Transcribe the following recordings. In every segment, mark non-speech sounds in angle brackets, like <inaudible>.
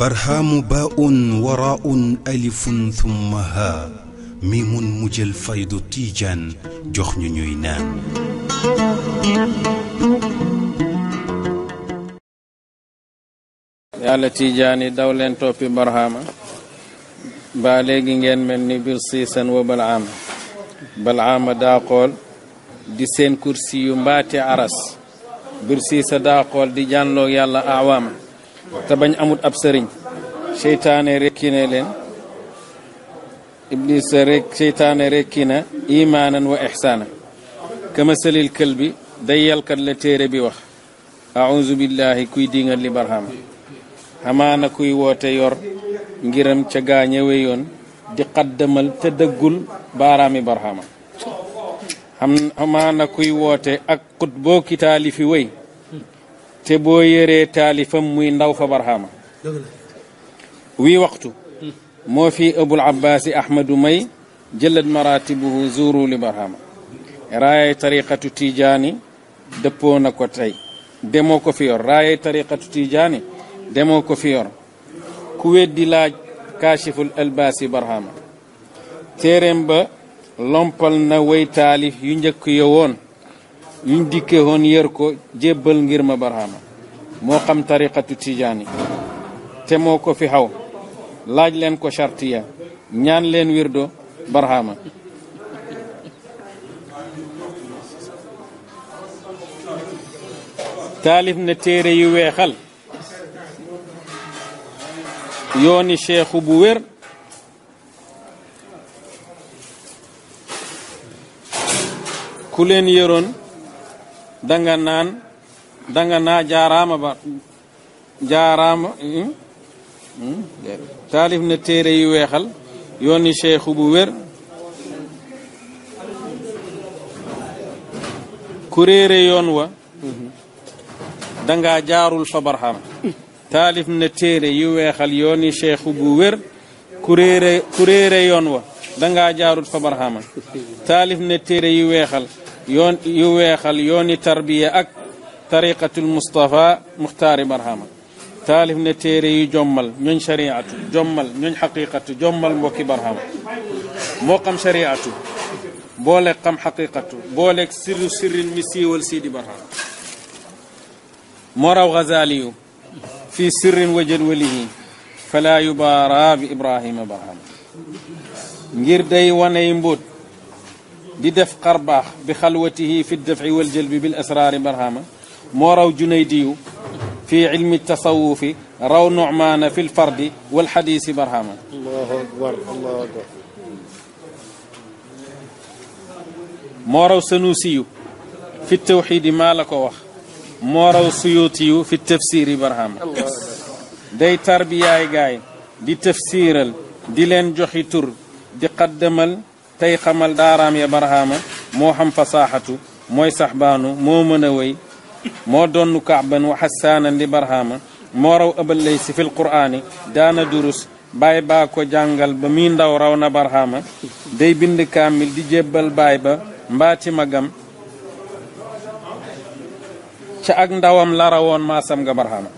barhaamu baa'un waraa'un alifun thumma haa miimun mu jël faydu tiijaan jox ñu ñuy naan. yàlla tiijaan yi daw leen toppi barhaama. ba léegi ngeen mel ni bir siisan wa balaama. balaama daa di seen kursi yu mbaate aras. bir sii di jaanloog yàlla awaama te bañ amut ab sëriñ seytaane rekki ne leen iblis rek seytaane rekki wa ixsaana kama salil kël bi day yalkat la téere bi wax aouzu billahi kuy dingal li barhama xamaana kuy woote yor ngiram ca gaañëwe yoon di xaddamal te dëggul baaraami xam kuy woote ak xut boo ki taalifi wéy te boo yëree taalifam muy ndaw fa barxaama wii waxtu moo fi abul abbaasi ahmadu may jëllat maratibuhu zuuru li barxaama raayay tariqatu tijaani dëppoo ko tey demoo ko fi yor ko fi yor ku weddi albaasi barxaama téeréem lompal na way taalif yu njëkk yo woon yuñ dikke woon yër ko jébbal ngir ma barhama moo xam tariqatu tijaani te moo ko fi xaw laaj leen ko chartiya ñaan leen wirdo barhama taalif na téere yu weexal yooni cheikhu bu wér ku leen yoroon danga naan danga naa jaaraama ba jaaraama taalif na téere weexal yooni cheikhu bu wér ku yoon wa danga jaarul fa barxam taalif na téere yu weexal yooni cheikhu bu wér ku yoon wa danga jaarul fa barxama taalif na téere yu weexal يون يويخل يوني تربية أك طريقة المصطفى مختار مرهما تالف نتيري جمل من شريعة جمل من حقيقة جمل موكي برهما موقم شريعة بولك قم حقيقة بولك سر سر المسي والسيدي برهما مروا غزالي في سر وجلوله فلا يبارى بإبراهيم برهما غير داي وانا ينبوت di def xarbaax bi xalwatihi fi dafci wal jëlbi bil asraari barhama moo raw junaydiyu fi ilmi tasawufi raw numaana fi lfardi wal xadiisi barhama allahu akbar allahu akbar moo raw sanuusiyu fi tawxiidi maa la ko wax moo raw suyuutiyu fi tafsiri barhama day tarbiyaay gaay di tafsiiral di leen joxi tur di qaddamal tey xamal daaraam ya barhaama moo xam fasaaxatu mooy saxbaanu moo mën a wéy moo donnu kaaban wa xassaanan li barhaama moo raw ëbal lay si fil quraani daana durus baay baa ko jàngal ba muy ndaw raw na barhaama day bind kaamil di jébbal baay ba mbaati magam ca ak ndawam la rawoon maasam nga barhaama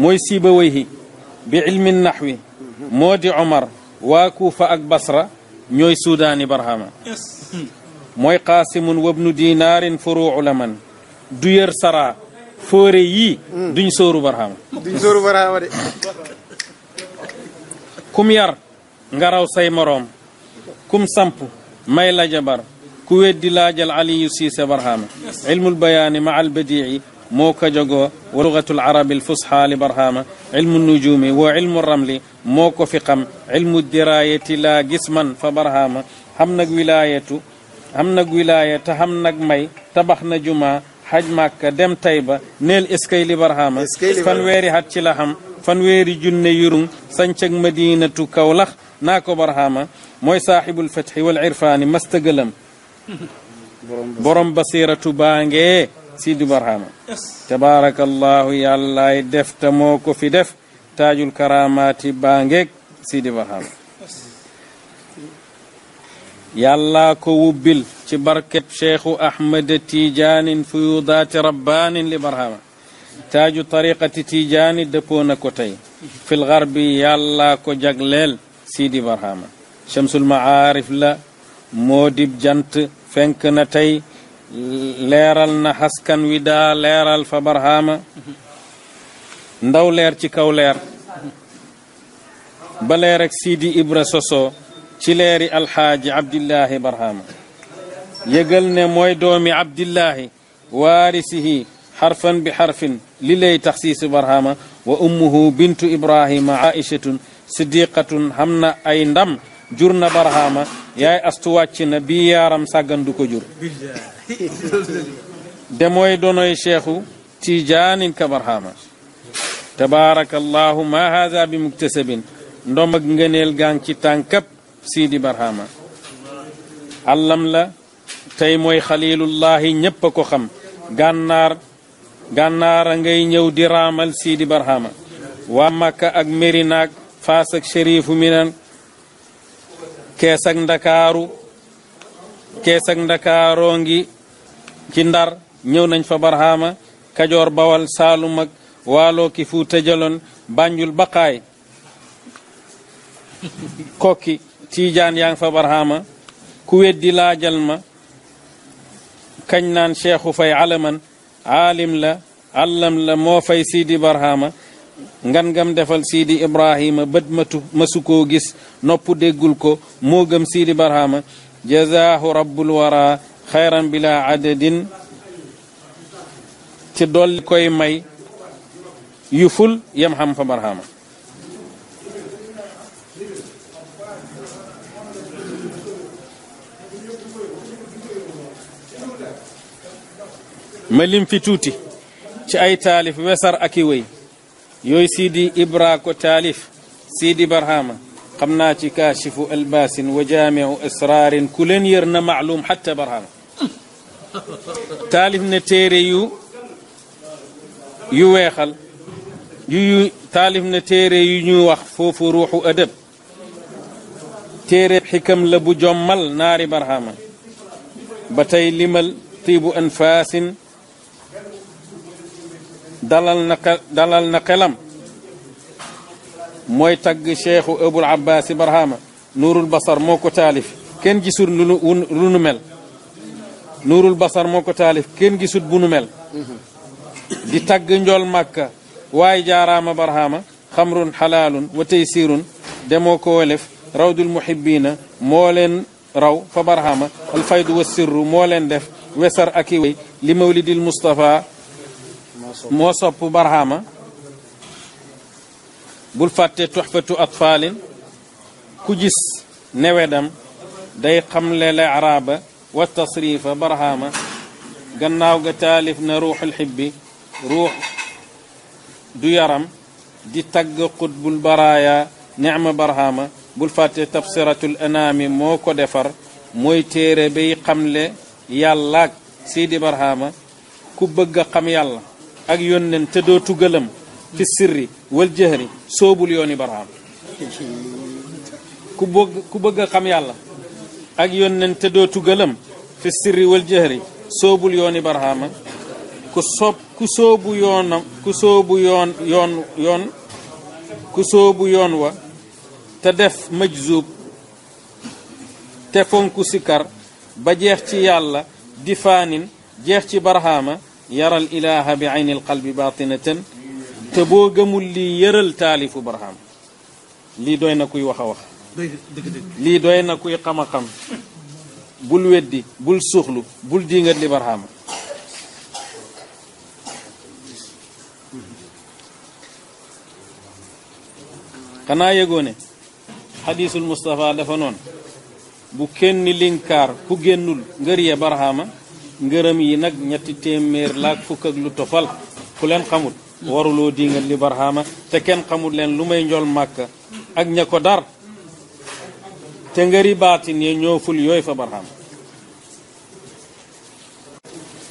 mooy siiba wéyhi bi ilmi naxwi moo di omar waa kuufa ak basra نوي سوداني برهاما موي قاسم وابن دينار فروع لمن دوير سرا فوري يي دون سورو برهاما دون سورو برهاما كم يار نغراو ساي مروم كم سامبو ماي لا جبر كويت دي لاجل علي يوسي برهاما علم البيان مع البديعي موكا جوغو ولغة العرب الفصحى لبرهامة علم النجوم وعلم الرمل موكو فقم علم الدراية لا جسما فبرهامة همنك ولاية همنك ولاية همنك مي تبخنا جمعة xaj màkka dem tayba neel eskay li barhama fanweeri xat ci la xam fanweeri junne yurung sancag madinatu kawlax naa ko barhama mooy saaxibul fatxi wal irfaani mastagalam borom basiratu baangee Sidy Barhama tabarakallahu yàllaay def te moo ko fi def taajul karamaati baa ngeeg Sidy Barhama yàllaa ko wubbil ci barkeb cheikhu ahmad tiijaanin fuyudaati rabbaanin li barhama taaju tariqati tiijaani dëppoo na ko tey fil garbi yàllaa ko jagleel Sidy Barhama chamsul maarif la moo dib jant fenk na tey leeral na xaskan wi daa leeral fa barhaama ndaw leer ci kaw leer ba siidi ibra soso ci leeri alxaaji abdillaahi barhaama yëgal ne mooy doomi abdillaahi waarisihi xarfan bi xarfin li lay taxsiisu barhaama wa ummuhu bintu ibrahima aichatun siddiqatun xam na ay ndam jur na barhaama yaay astu na bii yaaram sàggan du ko jur <laughs> demooy donoy cheikhu tijaanin kabarhama tabaarakallahu ma haada bi muktasabin ndom ak ngëneel gang ci tànkab siidi barhama allam la tey mooy xalilullahi ñépp a ko xam gànnaar gànnaar a ngay ñëw di raamal siidi barhama waa makka ak merinaak faas ak sherifu minan kees ak ndakaaru kees ak ndakaaroo ngi ci ndar ñëw nañ fa barhaama kajoor bawal saalum ak waaloo ki fu tëjaloon bànjul baqaay kokki tiijaan yaa ngi fa barhaama ku weddi ma kañ naan cheikhu fay alaman aalim la allam la moo fay siidi barhaama ngan ngam defal siidi ibrahima bët matu masu koo gis nopp déggul ko moo gëm siidi barhama jazaahu rabbul wara xayran bila adadin ci dolli koy may yu ful yam xam fa ci ay يوي سيدي إبراكو تاليف سيدي برهامة قمناتي كاشف ألباس وجامع إسرار كلن يرنا معلوم حتى برهامة تاليف نتيري يو يو ويخل يو تاليف نتيري يو نيو وخفوف روح أدب تيري حكم لبو جمال ناري برهامة بتاي لمل طيب أنفاس dalal na dalal na xelam mooy tagg cheikhu abul abbas barhama nuurul basar moo ko taalif kenn gisul lu lu nu mel nuurul basar moo ko taalif kenn gisut bu nu mel di tagg njool màkka waaye jaaraama barhama xamrun xalaalun wa taysirun demoo ko welef rawdul muhibbina moo leen raw fa barhama alfaydu wa sirru moo leen def wesar aki way li mawlidil mustafa موصب برهامة بول فاتي تحفة أطفال كجس نويدم داي قمل العرابة والتصريف برهامة قناو قتالف نروح الحبي روح ديرم دي تق قطب البرايا نعم برهامة بول فاتي تفسيرة الأنام موكو دفر موي تيري بي قمل يالاك سيدي برهامة كوبغا قم يالله ak yónneen te doo tugalam fi sirri wal soobul yooni baraam ku bëgg ku yàlla ak yónneen te doo tugalam fi sirri soobul yooni baraama ku sob ku soobu yoonam ku soobu yoon yoon yoon ku soobu wa te def majzuub te fonku sikar ba jeex ci yàlla difaanin jeex ci barxaama يرى الإله بعين القلب باطنة تبوغ ملي يرى التالف برهام لي دوينا كوي وخا وخا لي دوينا كوي قما قم بول ودي بول سخلو بول ديغت لي برهام كنا يغوني حديث المصطفى دفنون فنون بو كين لينكار كو غنول غري برهام ngërëm yi nag ñetti téeméer laak fukk ak lu tofal ku leen xamul waruloo dinga li barxaama te kenn xamul leen lu may njol màkk ak ña ko dar te ngëri baatin ye ñoo ful yooyu fa barxaama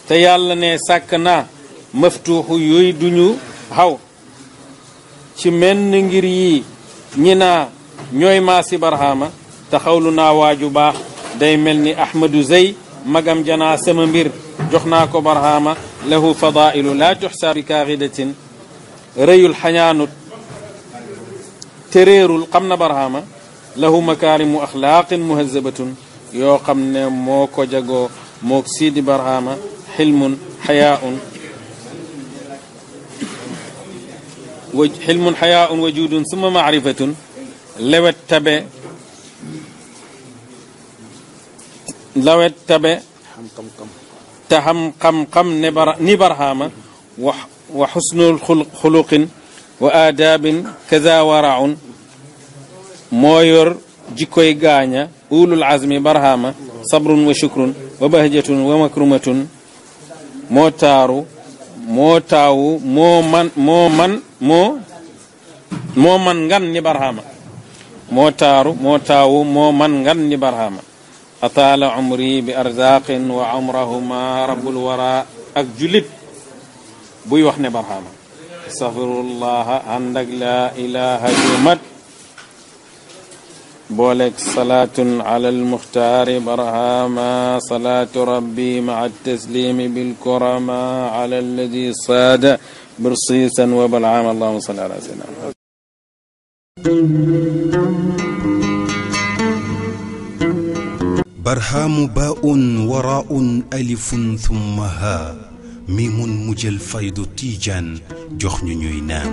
te yàlla ne sàkk naa maftuuxu du ñu xaw ci menn ngir yi ñi naa ñooy maa si te xawlu naa waaju baax day mel ni ahmadu zey مغام جنا سما مير كو برهاما له فضائل لا تحصى بكاغده ري الحنان ترير القمن برهاما له مكارم اخلاق مهذبه يو قمن موكو جاغو موك سيدي برهاما حلم حياء حلم حياء وجود ثم معرفه لو التبه lawet tabe te xam xam-xam ni barhaama wa wa xusnul wa aadaabin kaza waraun moo yor gaaña ulul azmi barhaama sabrun wa shukrun wa bahjatun wa makrumatun moo taaru moo taawu moo ni barhaama أطال عمري بأرزاق وعمرهما رب الوراء أجلد julit buy wax ne barxaama astaghfirullah ànd ak laa ilaha بولك صلاة على المختار برهاما صلاة ربي مع التسليم بالكرما على الذي صاد برصيصا وبلعام اللهم صل على سيدنا محمد barhaamu baaun waraaun alifun thumma haa miimun mu jël faydu tiijaan jox ñu ñuy naan